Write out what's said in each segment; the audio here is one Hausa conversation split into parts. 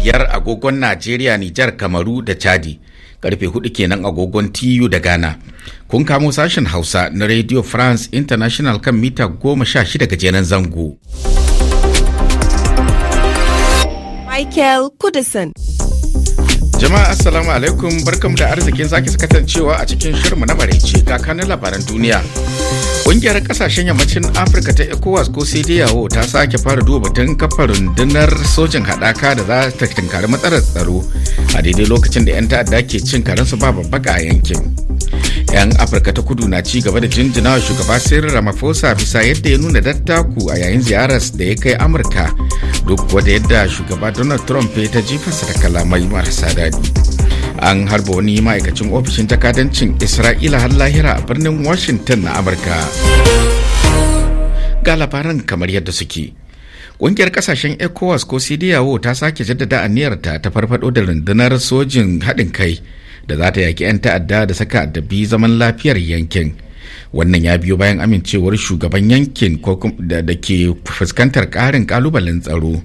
biyar agogon Najeriya, Nijar, Kamaru da Chadi. Karfe hudu kenan agogon TU da Ghana. Kun kamo sashen Hausa na Radio France International kan mita goma sha shida gajeren zango. Michael Kudison. Jama'a Assalamu alaikum barkamu da arzikin sake sakatancewa a cikin shirinmu na maraice kakanin labaran duniya. Ƙungiyar ƙasashen yammacin Afirka ta ECOWAS ko CDAO ta sake fara duba batun kafa rundunar sojin haɗaka da za ta tunkari matsalar tsaro a daidai lokacin da 'yan ta'adda ke cin karensu ba babbaka a yankin. 'Yan Afirka ta kudu na ci gaba da jinjina wa shugaba Sir Ramaphosa bisa yadda ya nuna dattaku a yayin ziyarar da ya kai Amurka duk wadda yadda shugaba Donald Trump ya ta jifarsa da kalamai marasa daɗi. an harba wani ma'aikacin ofishin takadancin isra'ila har lahira a birnin washington na amurka ga labaran kamar yadda suke Ƙungiyar ƙasashen ECOWAS ko CDAO ta sake jaddada aniyarta ta farfado da rundunar sojin haɗin kai da za ta yaƙi 'yan ta'adda da saka addabi zaman lafiyar yankin. Wannan ya biyo bayan amincewar shugaban yankin da ke fuskantar ƙarin ƙalubalen tsaro.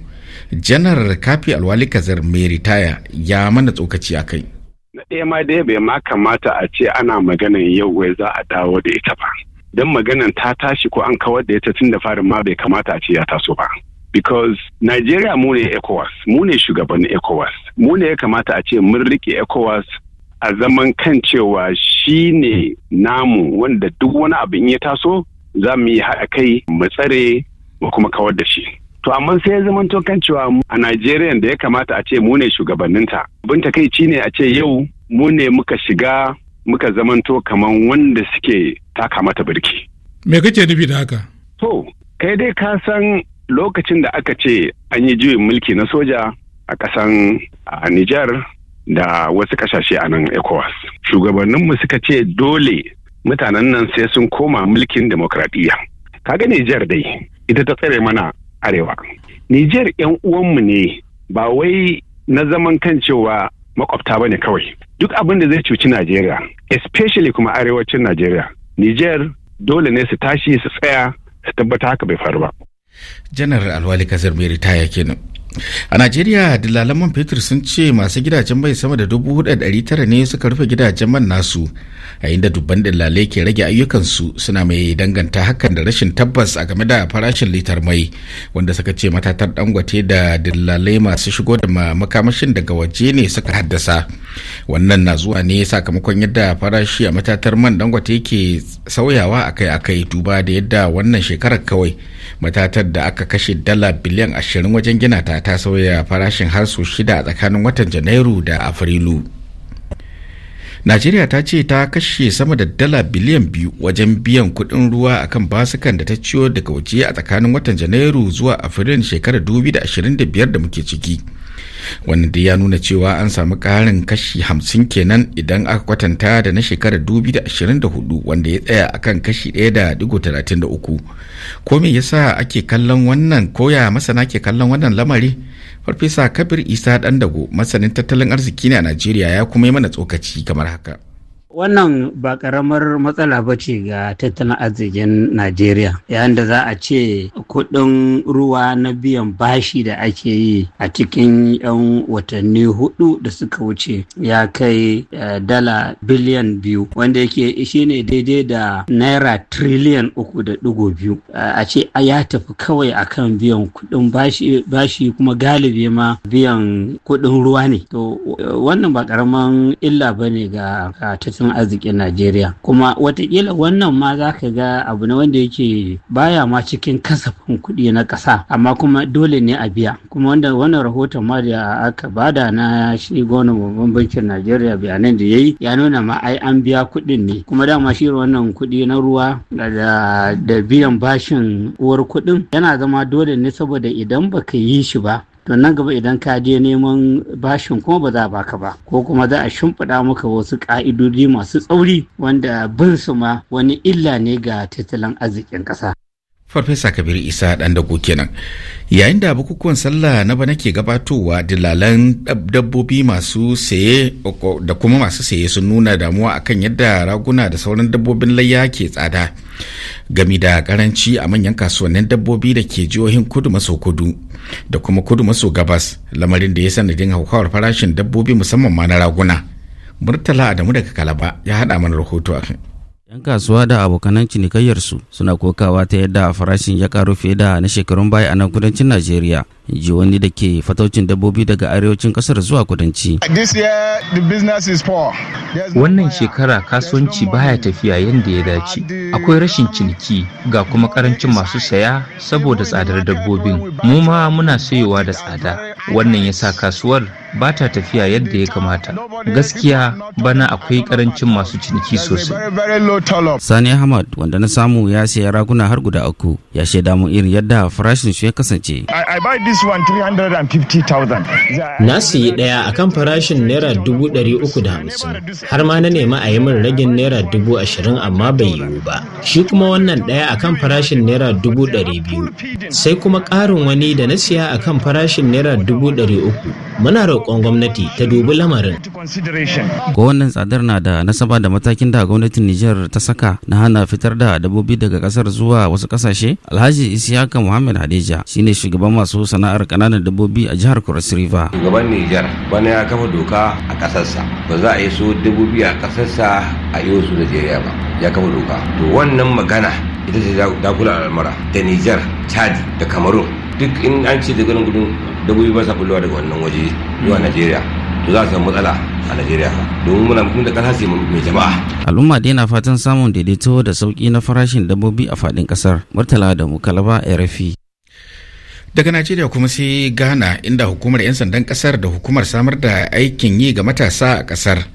Janar Kafi Alwali Kazar mai ritaya ya mana tsokaci a kai. na eh, ɗaya ma dai bai ma kamata a ce ana maganan yau wai za a dawo da ita ba don maganan ta tashi ko an kawar da ita tun da farin ma bai kamata a ce ya taso ba because Nigeria mu ne ECOWAS mu ne shugabannin ECOWAS mu ne ya kamata a ce mun rike ECOWAS a zaman kan cewa shi ne namu wanda duk wani abin ya taso za mu yi haɗa kai mu tsare mu kuma kawar da shi To amma sai ya zama kan cewa a Najeriya da ya kamata a ce mu ne shugabanninta. Bin takaici ne a ce yau mu ne muka shiga muka zamanto kaman wanda suke taka mata birki. Me kake nufi da haka? To, kai dai ka san lokacin da aka ce an yi juyin mulki na soja a a Nijar da wasu ƙasashe a nan ECOWAS. Shugabanninmu suka ce dole mutanen nan sai sun koma mulkin Ka ga Nijar dai, ita ta tsare mana arewa. Nijar 'yan uwanmu ne ba wai na zaman kan cewa makwabta ba ne kawai. Duk abin da zai cuci Najeriya, especially kuma arewacin Najeriya, Nijar dole ne su tashi su tsaya su tabbata haka bai faru ba. Janar Alwali Kazar mai ritaya kenan. A Najeriya, dalalan man fetur sun ce masu gidajen mai sama da dubu tara ne suka rufe gidajen man nasu a yinda dubban dillalai ke rage ayyukansu suna mai danganta hakan da rashin tabbas a game da farashin litar mai wanda suka ce matatar dangote da dillalai masu shigo da makamashin daga waje ne suka haddasa wannan na zuwa ne sakamakon yadda farashi a matatar man dangwate ke sauyawa akai-akai duba da yadda wannan shekarar kawai matatar da aka kashe dala biliyan ashirin wajen gina ta ta sauya farashin har sau shida a tsakanin watan janairu da afrilu najeriya ta ce ta kashe sama da dala biliyan biyu wajen biyan kuɗin ruwa akan basukan da ta ciyo daga waje a tsakanin watan janairu zuwa afrilun shekarar 2025 da muke ciki wannan da ya nuna cewa an samu ƙarin kashi hamsin kenan idan aka kwatanta da na shekarar 2024 wanda ya tsaya akan kashi 1.33 ko me yasa ake kallon wannan koya masana ke kallon wannan lamari farfesa kabir isa dandago masanin tattalin arziki ne a najeriya ya kuma yi mana tsokaci kamar haka Wannan ba ƙaramar matsala ba ce ga tattalin arzikin Najeriya, yayin da za a ce kuɗin ruwa na biyan bashi da ake yi a cikin 'yan watanni hudu da suka wuce ya kai eh, dala biliyan biyu, wanda yake shi ne daidai da naira triliyan uku da ɗigo biyu. Eh, a ce ya tafi kawai akan biyan kuɗin bashi kuma galibi ma biyan kuɗin ruwa ne. To eh, wannan ba ƙaramin illa ba ne ga tattalin tattalin arzikin Najeriya. Kuma watakila wannan ma za ka ga abu ne wanda yake baya ma cikin kasafin kuɗi na ƙasa amma kuma dole ne a biya. Kuma wanda wannan rahoton ma da aka bada na shi gwamnan babban bankin Najeriya bayanan da ya yi ya nuna ma ai an biya kuɗin ne. Kuma dama shi wannan kuɗi na ruwa da biyan bashin uwar kuɗin yana zama dole ne saboda idan baka yi shi ba to nan gaba idan ka je neman bashin kuma ba za a baka ba ko kuma za a shimfiɗa maka wasu ƙa'idodi masu tsauri wanda bin su ma wani illa ne ga tattalin arzikin ƙasa farfesa kabir isa dan dago kenan yayin da bukukuwan sallah na bana ke gabatowa dilalan dabbobi masu saye da kuma masu saye sun nuna damuwa akan yadda raguna da sauran dabbobin layya ke tsada gami da karanci a manyan kasuwannin dabbobi da ke jihohin kudu maso kudu da kuma kudu maso gabas lamarin da ya sanadin haukawar farashin dabbobi musamman ma na raguna murtala adamu daga kalaba ya haɗa mana rahoto akan 'Yan kasuwa da abokanan cinikayyarsu suna kokawa ta yadda farashin ya karu fiye da na shekarun baya a nan kudancin Najeriya ji wani da ke fataucin dabbobi daga arewacin kasar zuwa kudanci. Wannan shekara kasuwanci baya tafiya yadda ya dace. Uh, akwai rashin ciniki ga kuma karancin masu saya saboda tsadar dabbobin. Mu ma muna sayowa da tsada. Wannan ya sa kasuwar ba ta tafiya yadda ya kamata. Gaskiya bana akwai karancin masu ciniki sosai. Sani Ahmad wanda na samu ya saya raguna har guda uku ya shaida mu irin yadda farashin su ya kasance. this one 350,000. Na siyi ɗaya a kan farashin naira dubu ɗari uku da hamsin, har ma na nema a yi min ragin naira dubu ashirin amma bai yiwu ba. Shi kuma wannan ɗaya a kan farashin naira dubu ɗari biyu, sai kuma ƙarin wani da na siya a kan farashin naira dubu ɗari uku. Muna roƙon gwamnati ta dubi lamarin. Ko wannan tsadar na da nasaba da matakin da gwamnatin Nijar ta saka na hana fitar da dabbobi daga ƙasar zuwa wasu ƙasashe? Alhaji Isiyaka Muhammad Hadija shine shugaban masu sana'a sana'ar kananan dabbobi a jihar cross river gaban nijar bana ya kafa doka a kasarsa ba za a yi so dabbobi a kasarsa a yi wasu najeriya ba ya kafa doka to wannan magana ita ce dakula al'amara da nijar chad da cameroon duk in an ce da gudun gudun dabbobi ba sa fullowa daga wannan waje zuwa najeriya to za a samu matsala a Najeriya domin muna mutum da ƙasa mai jama'a. Al'umma dai na fatan samun daidaito da sauƙi na farashin dabbobi a faɗin ƙasar. Murtala da Mukalaba RFI. daga najeriya kuma sai ghana inda hukumar 'yan sandan kasar da hukumar samar da aikin yi ga matasa a kasar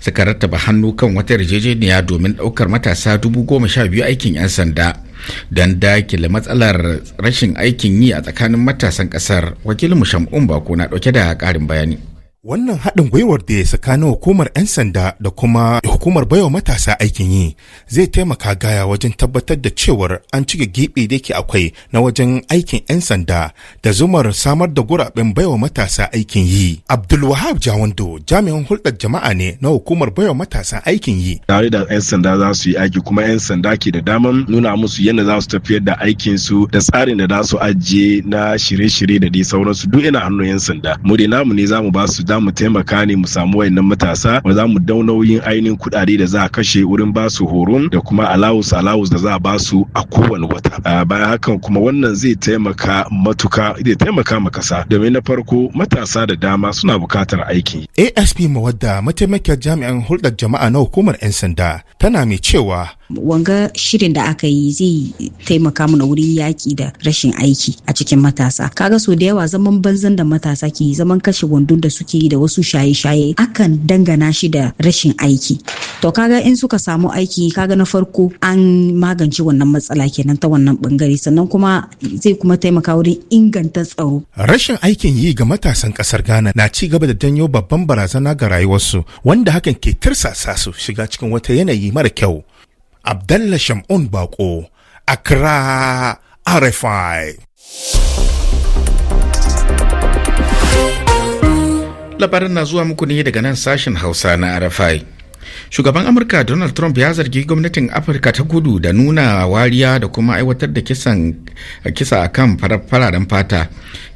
suka rattaba hannu kan wata yarjejeniya domin daukar matasa dubu goma sha biyu aikin 'yan sanda don dakile matsalar rashin aikin yi a tsakanin matasan kasar wakilin musham'un bako na dauke da karin bayani Wannan haɗin gwiwar da ya tsakanin hukumar 'yan sanda da kuma hukumar baiwa matasa aikin yi zai taimaka gaya wajen tabbatar da cewar an cike giɓi da ke akwai na wajen aikin 'yan sanda da zumar samar da guraben baiwa matasa aikin yi. Abdulwahab Jawando jami'an hulɗar jama'a ne na hukumar baiwa matasa aikin yi. Tare da 'yan sanda za su yi aiki kuma 'yan sanda ke da daman nuna musu yadda za su tafiyar da aikin su da tsarin da za su ajiye na shirye-shirye da dai sauransu duk yana hannun 'yan sanda. Mu dai namu ne za mu ba su za mu taimaka ne mu samu wayannan matasa ba za mu dau nauyin ainihin kuɗaɗe da za a kashe wurin ba su horon da kuma alawus alawus da za a ba su a kowane wata bayan hakan kuma wannan zai taimaka matuka zai taimaka ma kasa domin na farko matasa da dama suna bukatar aiki asp mawadda mataimakiyar jami'an hulɗar jama'a na hukumar 'yan sanda tana mai cewa wanga shirin da aka yi zai taimaka mana wurin yaki da rashin aiki a cikin matasa kaga so da yawa zaman banzan da matasa ke zaman kashe wandon da suke yi da wasu shaye-shaye akan dangana shi da rashin aiki to kaga in suka samu aiki kaga na farko an magance wannan matsala kenan ta wannan bangare sannan kuma zai kuma taimaka wurin inganta tsaro rashin aikin yi ga matasan kasar Ghana na ci gaba da janyo babban barazana ga rayuwarsu wanda hakan ke tirsasa su shiga cikin wata yanayi mara kyau Abdallah Shamun Bako, Accra, RFI. Labarin na zuwa muku ne daga nan sashen Hausa na RFI. shugaban amurka donald trump ya zargi gwamnatin afirka ta kudu da nuna wariya da kuma aiwatar da kisan kisa a kan fararen fata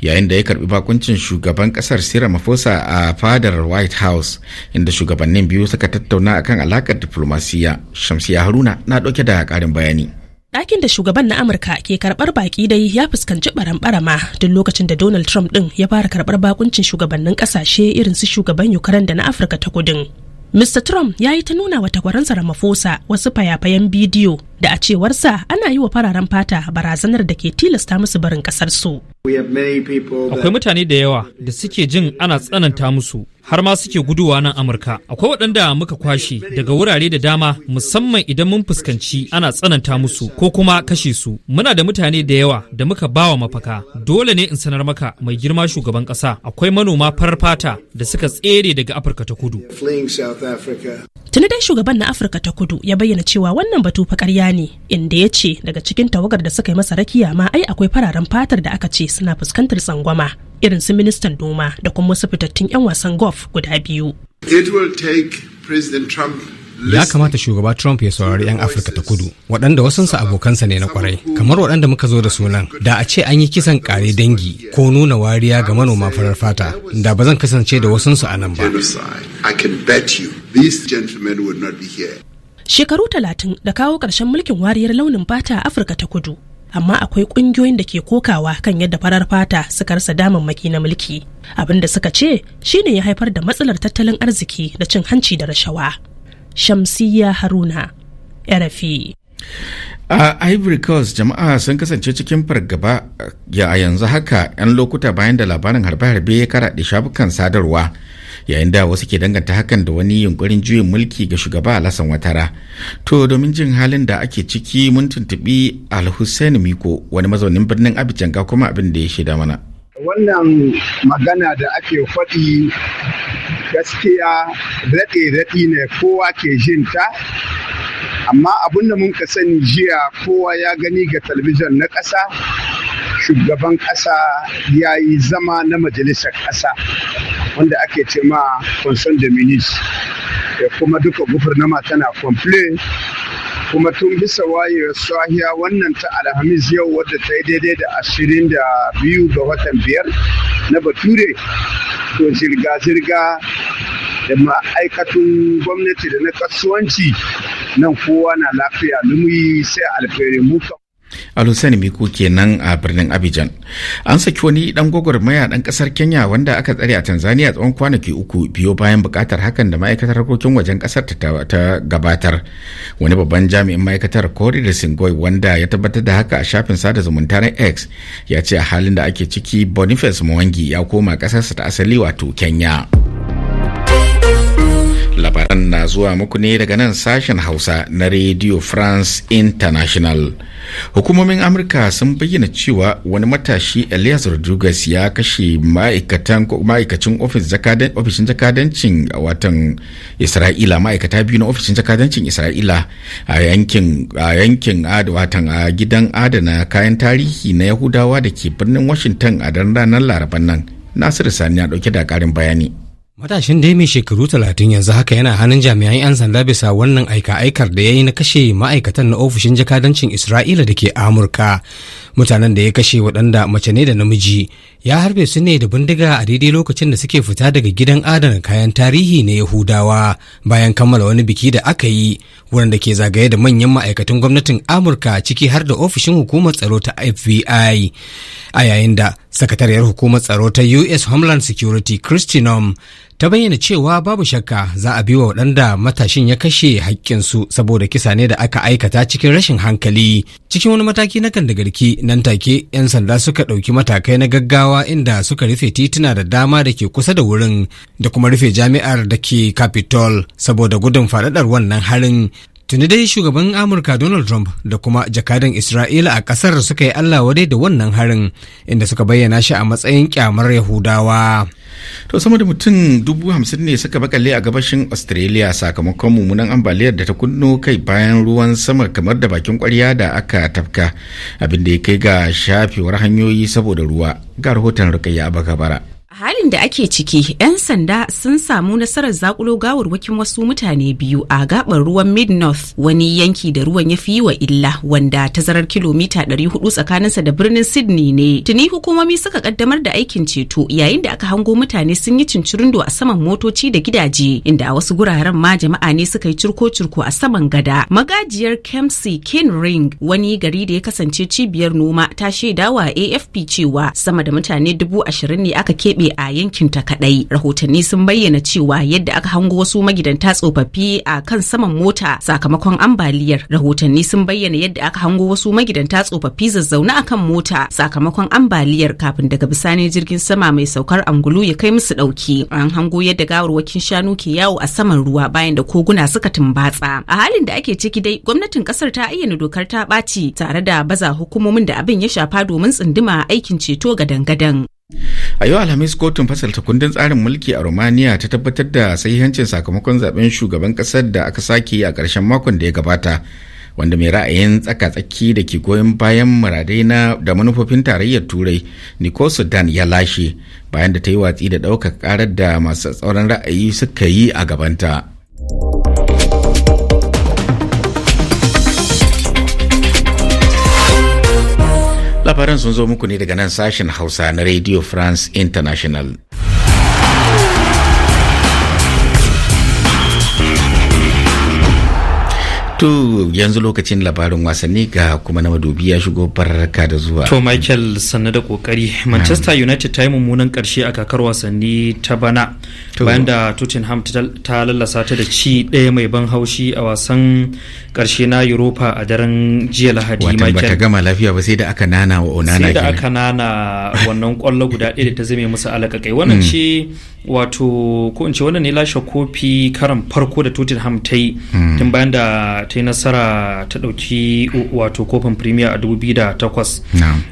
yayin da ya karbi bakuncin shugaban kasar sira mafosa a fadar white house inda shugabannin biyu suka tattauna akan alakar diplomasiya shamsiya haruna na dauke da karin bayani ɗakin da shugaban na amurka ke karɓar baƙi dai ya fuskanci baran barama duk lokacin da donald trump ɗin ya fara karɓar bakuncin shugabannin ƙasashe irin su shugaban ukraine da na afirka ta kudin Mr. Trump ya yi ta nuna wa takwaransa Ramaphosa wasu fayafayen bidiyo da a cewarsa ana yi wa fararen fata barazanar da ke tilasta musu barin kasarsu. Akwai mutane da yawa da suke jin ana tsananta musu har ma suke guduwa nan Amurka. Akwai waɗanda muka kwashe daga wurare da dama musamman idan mun fuskanci ana tsananta musu ko kuma kashe su. Muna da mutane da yawa da muka bawa mafaka. Dole ne in sanar maka mai girma shugaban ƙasa akwai manoma farar fata da suka tsere daga Afirka ta kudu. tuni dai shugaban na afirka ta kudu ya bayyana cewa wannan batu fa ƙarya ne inda ya ce daga cikin tawagar da suka yi masa rakiya ma ai akwai fararen fatar da aka ce suna fuskantar tsangwama irin su ministan noma da kuma wasu fitattun 'yan wasan golf guda biyu. It will take President Trump ya kamata shugaba trump ya saurari 'yan afirka ta kudu waɗanda wasunsa abokansa ne na kwarai kamar waɗanda muka zo da sunan da a ce an yi kisan kare dangi ko nuna wariya ga manoma farar fata da ba zan kasance da wasunsu a nan ba shekaru talatin da kawo ƙarshen mulkin wariyar launin fata a afirka ta kudu amma akwai ƙungiyoyin da ke kokawa kan yadda farar fata suka rasa damammaki na mulki abin da suka ce shine ya haifar da matsalar tattalin arziki da cin hanci da rashawa shamsiya haruna rfi e. a ivory coast jama'a sun kasance cikin fargaba ya yanzu haka 'yan lokuta bayan da labarin harbe-harbe ya karaɗe shafukan sadarwa yayin da wasu ke danganta hakan da wani yunkurin juyin mulki ga shugaba alasan watara to domin jin halin da ake ciki mun tuntuɓi alhussein miko wani mazaunin birnin abidjan ga kuma abin da ya shaida mana wannan magana da ake faɗi gaskiya raɗe-raɗi ne kowa ke jin ta amma abin da mun ka sani jiya kowa ya gani ga talabijin na ƙasa shugaban ƙasa ya yi zama na majalisar ƙasa wanda ake ce ma consent de da kuma duka gufurnama tana complain kuma tun bisa wayewar sahiya wannan ta alhamis yau wadda ta yi daidai da ashirin da biyu ga watan biyar na bature to zirga-zirga da ma'aikatun gwamnati da na kasuwanci nan kowa na lafiya lumi sai alfere muka Miku kenan a birnin Abidjan. An saki wani dan gwagwarmaya dan kasar Kenya wanda aka tsare a Tanzania tsawon kwanaki uku biyo bayan bukatar hakan da ma'aikatar harkokin wajen kasar ta gabatar. Wani babban jami'in ma'aikatar Kori da Singoi wanda ya tabbatar da haka a shafin sada zumunta na X ya ce a halin da ake ciki Boniface Mwangi ya koma kasarsa ta asali wato Kenya. labaran na zuwa muku ne daga nan sashen hausa na radio france international hukumomin amurka sun bayyana cewa wani matashi elias rodriguez ya kashe ma'aikacin ofishin jakadancin watan isra'ila ma'aikata biyu na ofishin jakadancin isra'ila a yankin watan a gidan adana kayan tarihi na yahudawa da ke birnin washington a ranar laraban nan nasiru sani ya dauke da karin bayani Matashin dai mai shekaru talatin yanzu haka yana hannun jami'an 'yan sanda bisa wannan aika-aikar da ya yi na kashe ma'aikatan na ofishin jakadancin Isra'ila da ke Amurka. Mutanen da ya kashe waɗanda mace ne da namiji ya harbe su ne da bindiga a daidai lokacin da suke fita daga gidan adana kayan tarihi na Yahudawa bayan kammala wani biki da aka yi wurin da ke zagaye da manyan ma'aikatan gwamnatin Amurka ciki har da ofishin hukumar tsaro ta FBI. A yayin da sakatariyar hukumar tsaro ta U.S. Homeland Security Christy ta bayyana cewa babu shakka za a biwa waɗanda matashin ya kashe haƙƙinsu saboda kisa ne da aka aikata cikin rashin hankali cikin wani mataki na kandagarki nan take 'yan sanda suka ɗauki matakai na gaggawa inda suka rufe tituna da dama da ke kusa da wurin da kuma rufe jami'ar da ke capitol saboda gudun faɗaɗar wannan harin tuni dai shugaban amurka donald trump da kuma jakadan isra'ila a ƙasar suka yi allah wadai da wannan harin inda suka bayyana shi a matsayin kyamar yahudawa to sama da mutum dubu hamsin ne suka bakalle a gabashin australia sakamakon mummunan ambaliyar da ta kunno kai bayan ruwan sama kamar da bakin kwarya da aka tafka abinda ya kai ga shafewar hanyoyi saboda ruwa ga rahoton rukayya a bakabara halin da ake ciki 'yan sanda sun samu nasarar zakulo gawarwakin wasu mutane biyu a gaɓar ruwan mid north wani yanki da ruwan ya fi yi wa illa wanda tazarar kilomita 400 tsakaninsa da birnin sydney ne tuni hukumomi suka kaddamar da aikin ceto yayin da aka hango mutane sun yi cincirindo a saman motoci da gidaje inda a wasu guraren ma jama'a ne suka yi curko-curko a saman gada magajiyar kemsi ken ring wani gari da ya kasance cibiyar noma ta shaidawa afp cewa sama da mutane dubu ashirin ne aka keɓe ne a yankin ta kaɗai. Rahotanni sun bayyana cewa yadda aka hango wasu magidanta tsofaffi a kan saman mota sakamakon ambaliyar. Rahotanni sun bayyana yadda aka hango wasu magidanta tsofaffi zazzauna a kan mota sakamakon ambaliyar kafin daga bisani jirgin sama mai saukar angulu ya kai musu ɗauke. An hango yadda gawarwakin shanu ke yawo a saman ruwa bayan da koguna suka tumbatsa. A halin da ake ciki dai gwamnatin ƙasar ta ayyana dokar ta ɓaci tare da baza hukumomin da abin ya shafa domin tsunduma aikin ceto gadan-gadan. A yau Alhamis kotun fasalta kundin tsarin mulki a Romania ta tabbatar da sahihancin sakamakon zaben shugaban kasar da aka sake a ƙarshen makon da ya gabata. Wanda mai ra'ayin tsaka-tsaki da ke goyon bayan muradai na da manufofin tarayyar Turai, Nicosu Dan ya lashe bayan da ta yi watsi da ɗaukar karar da masu tsauran ra'ayi suka yi a gabanta. labaran sun zo muku ne daga nan sashen hausa na radio france international To yanzu lokacin labarin wasanni ga kuma na madubi ya shigo barka da zuwa. To Michael sannu da kokari. Manchester United ta yi mummunan karshe a kakar wasanni ta bana. Bayan da Tottenham ta lallasa ta da ci ɗaya mai ban haushi a wasan karshe na Europa a daren jiya Lahadi. Watan bata gama lafiya ba sai da aka nana wa Onana. Sai da aka nana wannan kwallo guda ɗaya da ta zame musu alaƙaƙai. Hmm. Wannan ce wato ko in ce wannan ne lashe kofi karan farko da tottenham ta yi hmm. tun bayan da ta yi nasara ta ɗauki wato kofin premier a 2008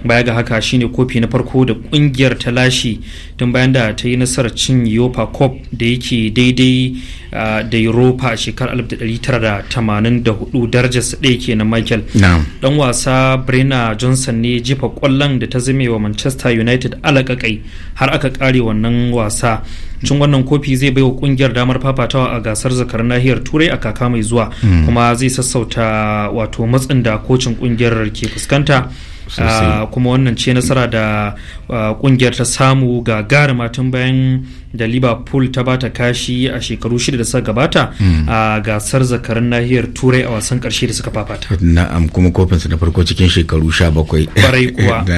baya ga haka shine kofi na farko da kungiyar ta lashe tun bayan da ta yi nasarar cin yopa cup da yake daidai Ah, da europa a shekarar 1984 sa ɗaya kenan michael ɗan wasa Brenna johnson ne jifa kwallon da ta zame wa manchester united alaƙaƙai har aka ƙare wannan wasa cin wannan kofi zai baiwa kungiyar damar fafatawa a gasar zakar nahiyar turai a kaka mai zuwa hmm. kuma zai sassauta wato matsin da kocin kungiyar ke fuskanta ah, kuma wannan ce nasara da ah, kungiyar ta samu ga gari tun bayan da liverpool ta bata kashi a shekaru shida da suka gabata hmm. a gasar zakarin nahiyar turai a wasan karshe da suka fafata na'am kuma su na farko cikin shekaru sha bakwai kuwa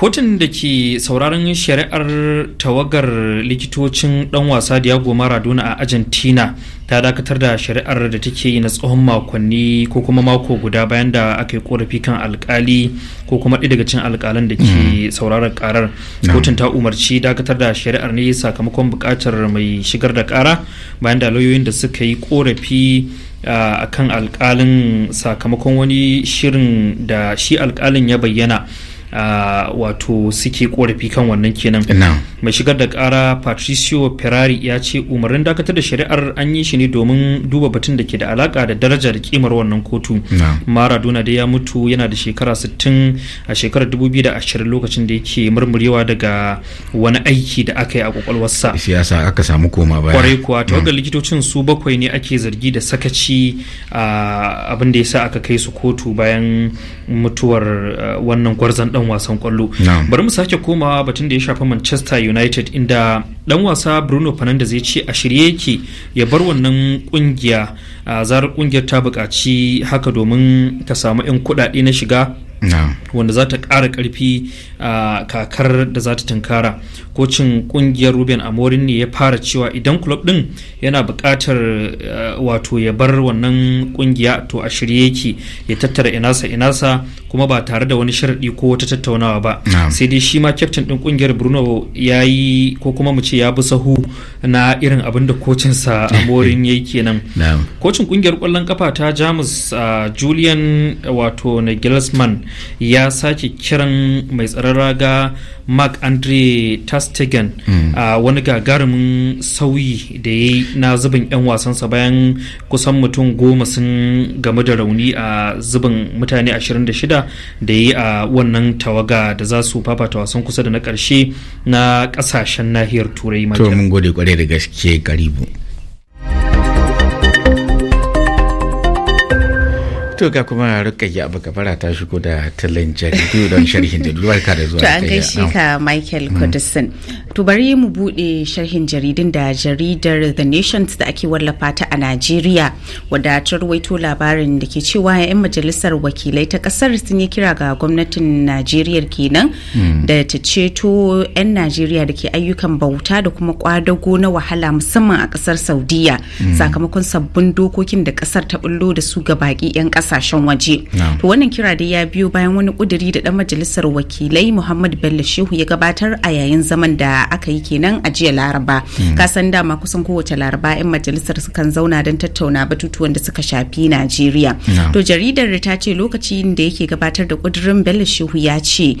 kotun da ke sauraron shari'ar tawagar likitocin dan wasa diago maradona a argentina ta dakatar da shari'ar da take yi na tsohon makonni ko kuma mako guda bayan da aka yi korafi kan alkali ko kuma ɗaya daga cin alkalan da ke mm-hmm. sauraron karar kotun ta umarci dakatar da shari'ar ne sakamakon buƙatar mai shigar da kara bayan da lauyoyin da suka yi korafi a kan alkalin sakamakon wani shirin da shi alkalin ya bayyana wato suke korafi kan wannan kenan mai shigar da kara patricio ferrari ya ce umarnin dakatar da shari'ar an yi shi ne domin duba batun da ke da alaka da darajar kimar wannan kotu maradona da ya mutu yana da shekara 60 a shekarar 2020 lokacin da yake murmurewa daga wani aiki da aka yi a kwakwalwarsa siyasa aka samu koma baya kwarai kuwa tawagar mm. likitocin su bakwai ne ake zargi da sakaci abin da ya sa aka kai su kotu bayan mutuwar wannan gwarzon dan wasan kwallo bari mu sake komawa batun da ya shafi manchester united inda dan wasa bruno fernandes ya ce a shirye yake ya bar wannan kungiya a zarar kungiyar ta bukaci haka domin ta samu 'yan kuɗaɗe na shiga wanda za ta ƙara ƙarfi a kakar da za ta tunkara kocin ƙungiyar ruben amorin ne ya fara cewa idan kulob ɗin yana buƙatar wato ya bar wannan ƙungiya to a shirye yake ya tattara inasa inasa kuma ba tare da wani sharaɗi ko wata tattaunawa ba sai dai shi ma kyaftin ɗin ƙungiyar bruno ya yi ko kuma mu ce ya bi sahu na irin abin da kocinsa amorin ya yi kenan kocin ƙungiyar kwallon kafa ta jamus julian wato na nagelsmann ya sace kiran mai tsaron raga mark andre tastegan hmm. a wani gagarumin sauyi da ya yi na zubin 'yan wasansa bayan kusan mutum goma sun game da rauni a zubin mutane 26 da ya yi a wannan tawaga da za su fafata wasan kusa da na karshe na kasashen nahiyar turai to gode kwarai da gaske karibu to ga kuma rukayya abu gabara ta shigo da tilin jaridu don sharhin jaridu barka da zuwa to an gaishe ka michael mm. kudusin to bari mu bude sharhin jaridun da jaridar the nations da ake wallafa ta a najeriya wadda ta ruwaito labarin da ke cewa 'yan majalisar wakilai ta kasar sun yi kira ga gwamnatin najeriya kenan mm. da ta ceto 'yan najeriya da ke ayyukan bauta da kuma kwadago na wahala musamman a kasar saudiya mm. sakamakon sabbin dokokin da kasar ta bullo da su ga baki 'yan kasar kasashen waje to wannan kira da ya biyo bayan wani kuduri da dan majalisar wakilai Muhammad Bello Shehu ya gabatar a yayin zaman da aka yi kenan a jiya Laraba hmm. kasan dama kusan kowace Laraba yan majalisar sukan zauna don tattauna batutuwan da suka shafi Najeriya to jaridar ta ce lokacin da yake gabatar da kudurin Bello Shehu ya ce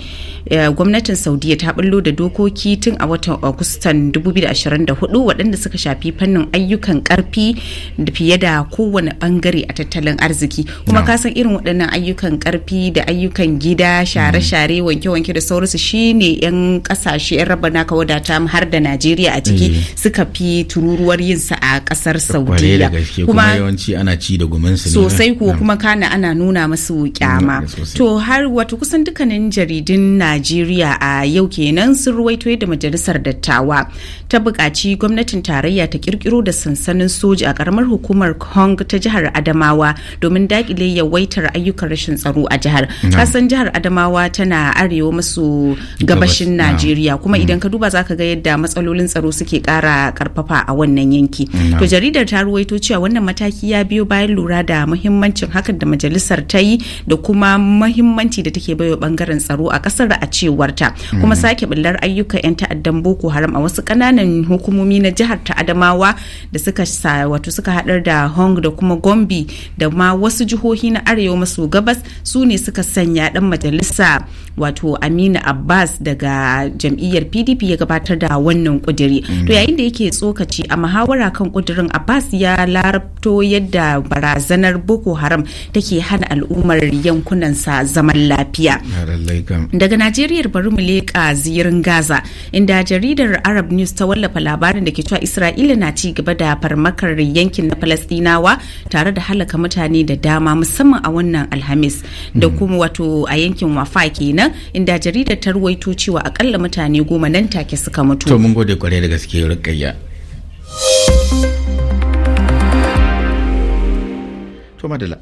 eh, gwamnatin Saudiya ta bullo da dokoki tun a watan Agustan 2024 waɗanda suka shafi fannin ayyukan karfi da fiye da kowane bangare a tattalin arziki kuma kuma ka san irin waɗannan ayyukan karfi da ayyukan gida share-share mm. wanke-wanke da sauransu shine yan kasashe yan raba naka wadata har da Najeriya a ciki eh. suka fi tururuwar yin sa a ƙasar Saudiya kuma yawanci ana ci da gumin su sosai ko mm. kuma kana ana nuna masu kyama mm, to har wato kusan dukkanin jaridun Najeriya a yau kenan sun ruwaito da majalisar dattawa ta buƙaci gwamnatin tarayya ta kirkiro da sansanin soja a karamar hukumar Kong ta jihar Adamawa domin dakile yawaitar ayyukan rashin tsaro a jihar kasan jihar adamawa tana arewa masu gabashin najeriya kuma mm. idan ka duba zaka ga yadda matsalolin tsaro suke kara karfafa a wannan yanki to jaridar ta ruwaito cewa wannan mataki ya biyo bayan lura da muhimmancin hakan da majalisar ta yi da kuma muhimmanci da take baiwa bangaren tsaro a kasar a cewarta kuma mm. sake bullar ayyukan 'yan ta'addan boko haram a wasu kananan hukumomi na jihar ta adamawa da suka wato suka hadar da hong da kuma gombe da ma wasu jiho. jihohi na arewa maso gabas su ne suka sanya dan majalisa wato aminu abbas daga jam'iyyar pdp ya gabatar da wannan kudiri mm. to yayin da yake tsokaci a muhawara kan kudirin abbas ya larabto yadda barazanar boko haram take hana al'ummar yankunan sa zaman lafiya daga najeriya bari mu leƙa ziyarin gaza inda jaridar arab news ta wallafa labarin da ke cewa isra'ila na ci gaba da farmakar yankin na falastinawa tare da halaka mutane da dama musamman a wannan alhamis da hmm. kuma wato a yankin wafa kenan inda jaridar ta ruwaito cewa akalla mutane goma nan take suka mutu to mun gode kwarai da gaske rikayya to madala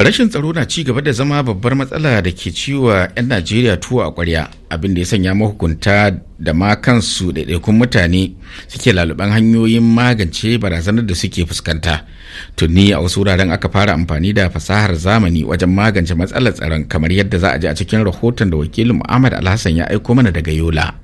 rashin tsaro na ci gaba da zama babbar matsala da ke ciwa 'yan najeriya tuwo a kwarya abin da ya sanya mahukunta da ma kansu daidaikun mutane suke laluban hanyoyin magance barazanar da suke fuskanta tuni a wasu wuraren aka fara amfani da fasahar zamani wajen magance matsalar tsaron kamar yadda za a je a cikin rahoton da wakilin muhammad alhassan ya aiko mana daga yola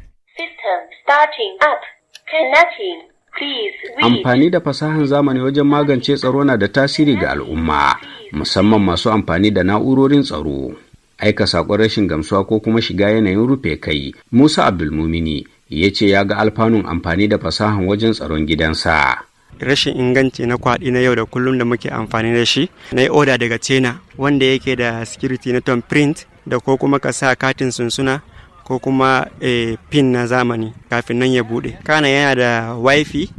Amfani da fasahan zamani wajen magance tsaro na da tasiri ga al'umma, musamman masu amfani da na'urorin tsaro. Aika saƙon rashin gamsuwa ko kuma shiga yanayin rufe kai, Musa Abdulmumini ya ce ya ga alfanun amfani da fasahan wajen tsaron gidansa. rashin inganci na kwaɗi na yau da kullum da muke amfani da shi na yi oda daga china wanda yake da security na tom print da ko kuma ka sa katin sunsuna ko kuma eh, pin na zamani kafin nan ya bude kana yana da wifi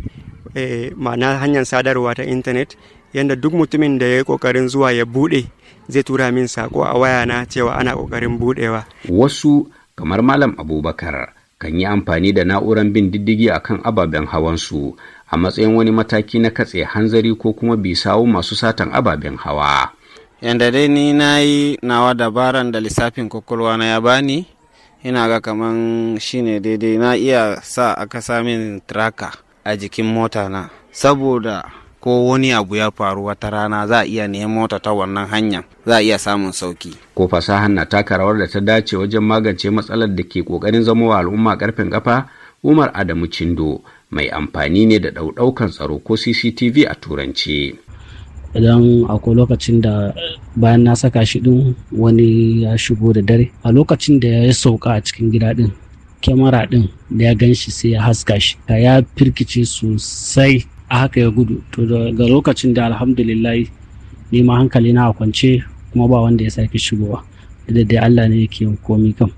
eh, ma'ana hanyar sadarwa ta intanet yadda duk mutumin da ya yi kokarin zuwa ya bude zai tura min sako a waya na cewa ana kokarin budewa wasu kamar malam abubakar kan yi amfani da na'urar bin diddigi a kan ababen hawansu a matsayin wani mataki na katse hanzari ko kuma bisawo masu satan ababen hawa Yadda dai ni na yi nawa dabaran da lissafin kwakwalwa na ya bani ina ga kaman shine daidai na iya sa aka samin traka a jikin mota na saboda ko wani abu ya faru wata rana za a iya neman mota ta wannan hanya za a iya samun sauki ko fasahar na taka rawar da ta dace wajen magance matsalar da ke kokarin zama wa al'umma karfin kafa umar adamu cindo mai amfani ne da ɗauɗaukan tsaro ko cctv a turanci idan akwai lokacin da bayan na saka shi din wani ya shigo da dare a lokacin da ya sauka a cikin gida din kyamara din da ya gan shi sai ya haska shi ya firkice sosai a haka ya gudu to daga lokacin da alhamdulillah ni ma hankali na kwance kuma ba wanda ya sake shigowa da dai Allah ne yake yin komi kam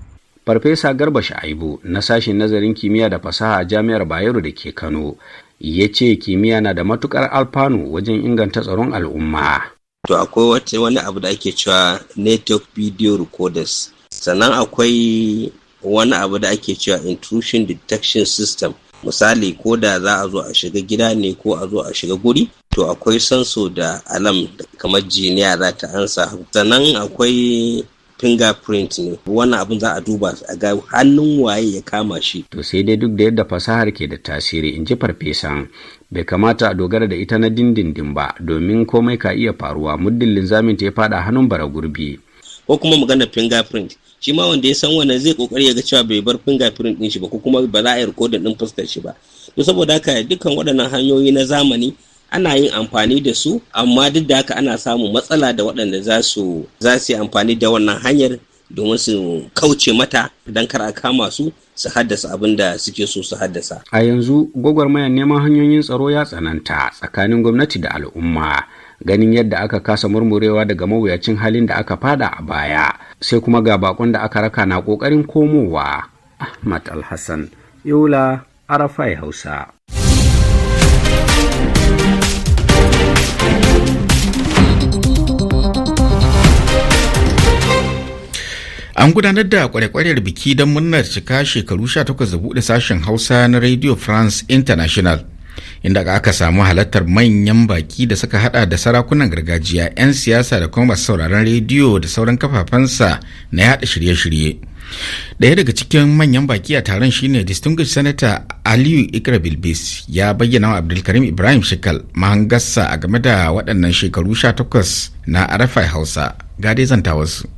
farfesa garba sha'ibu na sashen nazarin kimiyya da fasaha a jami'ar bayero da ke kano ya ce kimiyya na da matukar alfanu wajen inganta tsaron al'umma. To akwai wace wani abu da ake cewa network video recorders sannan akwai wani abu da ake cewa intrusion detection system misali ko da za a zo a shiga gida ne ko a zo a shiga guri to akwai sanso da alam kamar jiniya za ta ansa sannan akwai fingerprint ne wannan abin za a duba a ga hannun waye ya kama shi to sai dai duk da yadda fasahar ke da tasiri in ji farfesan bai kamata a dogara da ita na dindindin ba domin komai ka iya faruwa muddin linzamin ta ya fada hannun bara gurbi ko kuma magana fingerprint shi ma wanda ya san wannan zai kokari ya ga cewa bai bar fingerprint din shi ba ko kuma ba za a yi rikodin din fuskar shi ba to saboda haka dukkan waɗannan hanyoyi na zamani ana yin amfani da su amma duk da haka ana samun matsala da waɗanda za su yi amfani da wannan hanyar domin su kauce mata don kar a kama su su haddasa abin da suke so su haddasa. A yanzu gwagwarmayar neman hanyoyin tsaro ya tsananta tsakanin gwamnati da al'umma ganin yadda aka kasa murmurewa daga mawuyacin halin da aka fada a baya sai kuma ga bakon da aka raka na kokarin komowa. Ahmad Alhassan, Yola, Arafai Hausa. An gudanar da kwarekwarar biki don murnar cika shekaru 18 da buɗe sashen Hausa na Radio France International. Inda aka samu halartar manyan baki da suka hada da sarakunan gargajiya, 'yan siyasa da kuma masu sauraron rediyo da sauran kafafensa na yada shirye-shirye. Daya daga cikin manyan baki a taron shine Distinguished Senator Aliyu Ikra Bilbis ya bayyana wa Abdulkarim Ibrahim Shikal mahangarsa a game da waɗannan shekaru sha 18 na Arafai Hausa. Gade zanta wasu.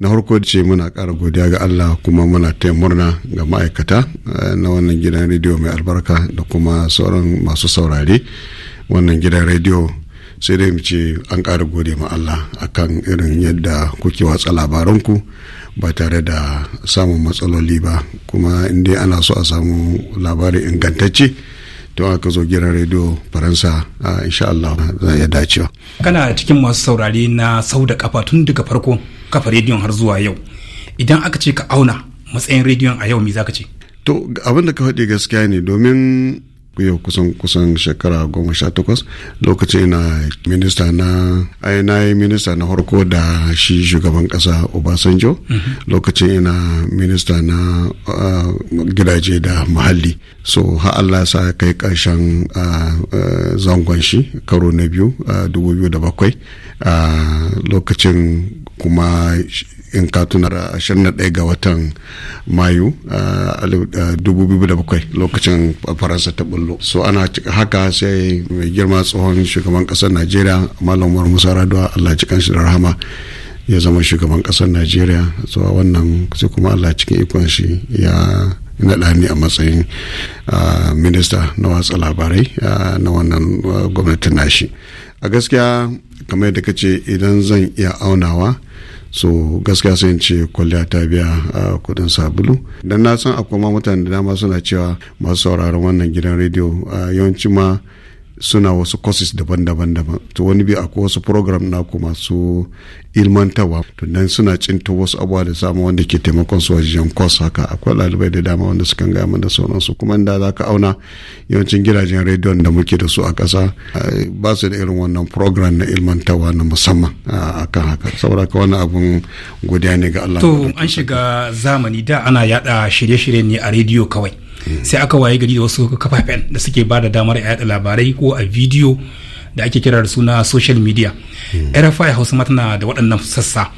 na harko ce muna kara godiya ga Allah kuma muna taya murna ga ma'aikata eh, na wannan gidan rediyo mai albarka da kuma sauran masu saurare wannan gidan rediyo sai dai mu ce an kara gode ma Allah akan irin yadda kuke watsa labaranku ba tare da samun matsaloli ba kuma inda ana so a samu labarin ingantacce to aka zo gidan rediyo faransa ah, insha Allah za ya dacewa kana cikin masu saurare na sau da kafa tun daga farko kafa rediyon har zuwa yau idan aka ce ka auna matsayin rediyon a yau me zaka ce to abin da ka faɗi gaskiya ne domin yau kusan kusan shekara goma sha takwas lokacin na minista na na yi minista na harko da shi shugaban kasa obasanjo mhm. lokacin ina minista na ah, gidaje da muhalli so ha Allah sa kai karshen ah, eh, zangon shi karo na biyu ah, dubu biyu da bakwai lokacin kuma in ka tunar 21 ga watan mayu ah, ah, a 2007 lokacin faransa ta bullo so ana haka sai mai girma tsohon shugaban kasar najeriya malam umar musa raduwa allah cikin shi da rahama ya zama shugaban kasar najeriya zuwa wannan sai kuma allah cikin ikon shi ya naɗa ni a matsayin ah, minista na watsa labarai na wannan gwamnatin nashi a gaskiya kamar yadda ka ce idan zan iya aunawa so gaskiya sai ce kwalliya ta biya a kudin sabulu don na san akwai ma mutane da dama suna cewa masu sauraron wannan gidan rediyo yawanci ma suna wasu courses daban-daban daban to wani bi akwai wasu program na ku masu ilmantarwa to nan suna cinta wasu abubuwa da samu wanda ke taimakon su wajen course haka akwai ɗalibai da dama wanda sukan gaya mana sauransu kuma da za ka auna yawancin gidajen rediyon da muke da su a kasa. Eh, ba su da irin wannan program na ilmantawa na musamman a ah, kan haka saboda ka wani abun godiya ne ga Allah to an shiga zamani da ana yada shirye-shirye ne a rediyo kawai sai aka waye gari da wasu kafafen da suke ba da damar yada labarai ko a bidiyo da ake kira da suna social media rfi hausa ma tana da waɗannan sassa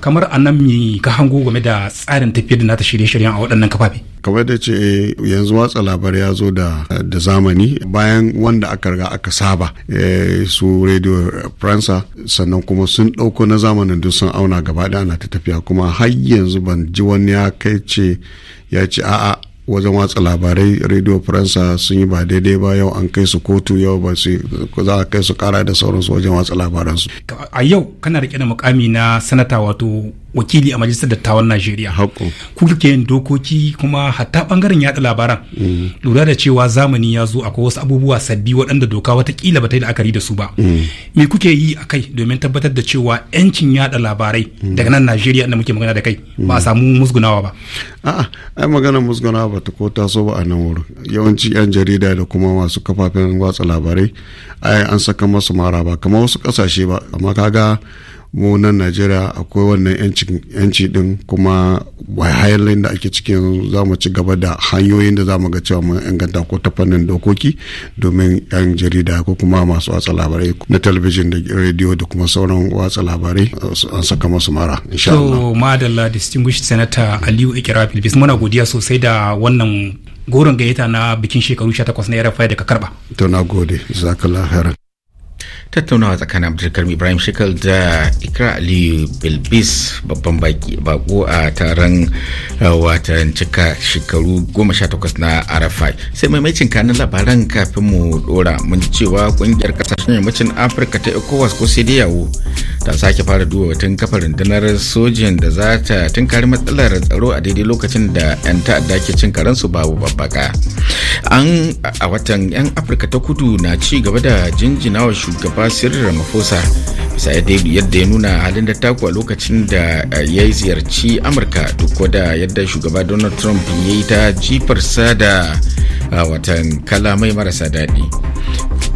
kamar a nan mi ka hango game da tsarin tafiyar da nata shirye-shiryen a waɗannan kafafe kamar da ce eh, yanzu watsa labarai ya zo da zamani bayan wanda aka riga aka saba eh, su radio faransa sannan kuma sun ɗauko na zamanin duk sun auna gaba ana ta tafiya kuma har yanzu ban ji wani ya kai ce ya ce a'a wajen watsa labarai radio faransa sun yi ba daidai ba yau an kai su kotu yau ba su za a kai su kara da sauransu wajen watsa labaransu a yau kana rike da mukami na sanata wato wakili a majalisar dattawan najeriya ku kuke yin dokoki kuma hatta bangaren yada labaran mm. lura da cewa zamani ya zo akwai wasu abubuwa sabbi waɗanda doka watakila ba ta yi la'akari da su ba mm. me kuke yi a kai domin tabbatar da cewa yancin yada labarai mm. daga nan najeriya da muke magana da kai ba a samu musgunawa ba a'a ai magana musgunawa ba ta ko taso ba a nan wurin yawanci yan jarida da kuma masu kafafen watsa labarai ai an saka masu mara ba kamar wasu kasashe ba amma kaga mu nan najeriya akwai wannan yanci din kuma wahalin da ake cikin za mu ci gaba da hanyoyin da za mu ga cewa mun inganta ko ta fannin dokoki domin yan jarida ko kuma masu watsa labarai na talabijin da rediyo da kuma sauran watsa labarai an saka masu mara insha Allah. to madalla distinguished aliyu ikira muna godiya sosai da wannan goron gayyata na bikin shekaru 18 na rfi da ka karba. to na gode zakallah tattaunawa tsakanin abdulkarim ibrahim shekel da ikra Ali bilbis babban bako a taron watan cika shekaru 18 na arafai sai maimacin kanin labaran kafin mu dora mun cewa kungiyar kasashen yammacin afirka ta Ekowas ko sai yawo ta sake fara duba batun kafar rundunar sojin da za ta tunkari matsalar tsaro a daidai lokacin da 'yan ta'adda ke cin karansu babu babbaka an a watan 'yan afirka ta kudu na ci gaba da jinjinawa shugaban mustapha sirri mafosa bisa yadda ya nuna halin da taku a lokacin da eh, ya yi ziyarci amurka duk da yadda shugaba donald trump ya yi ta jifarsa da eh, watan kala mai marasa daɗi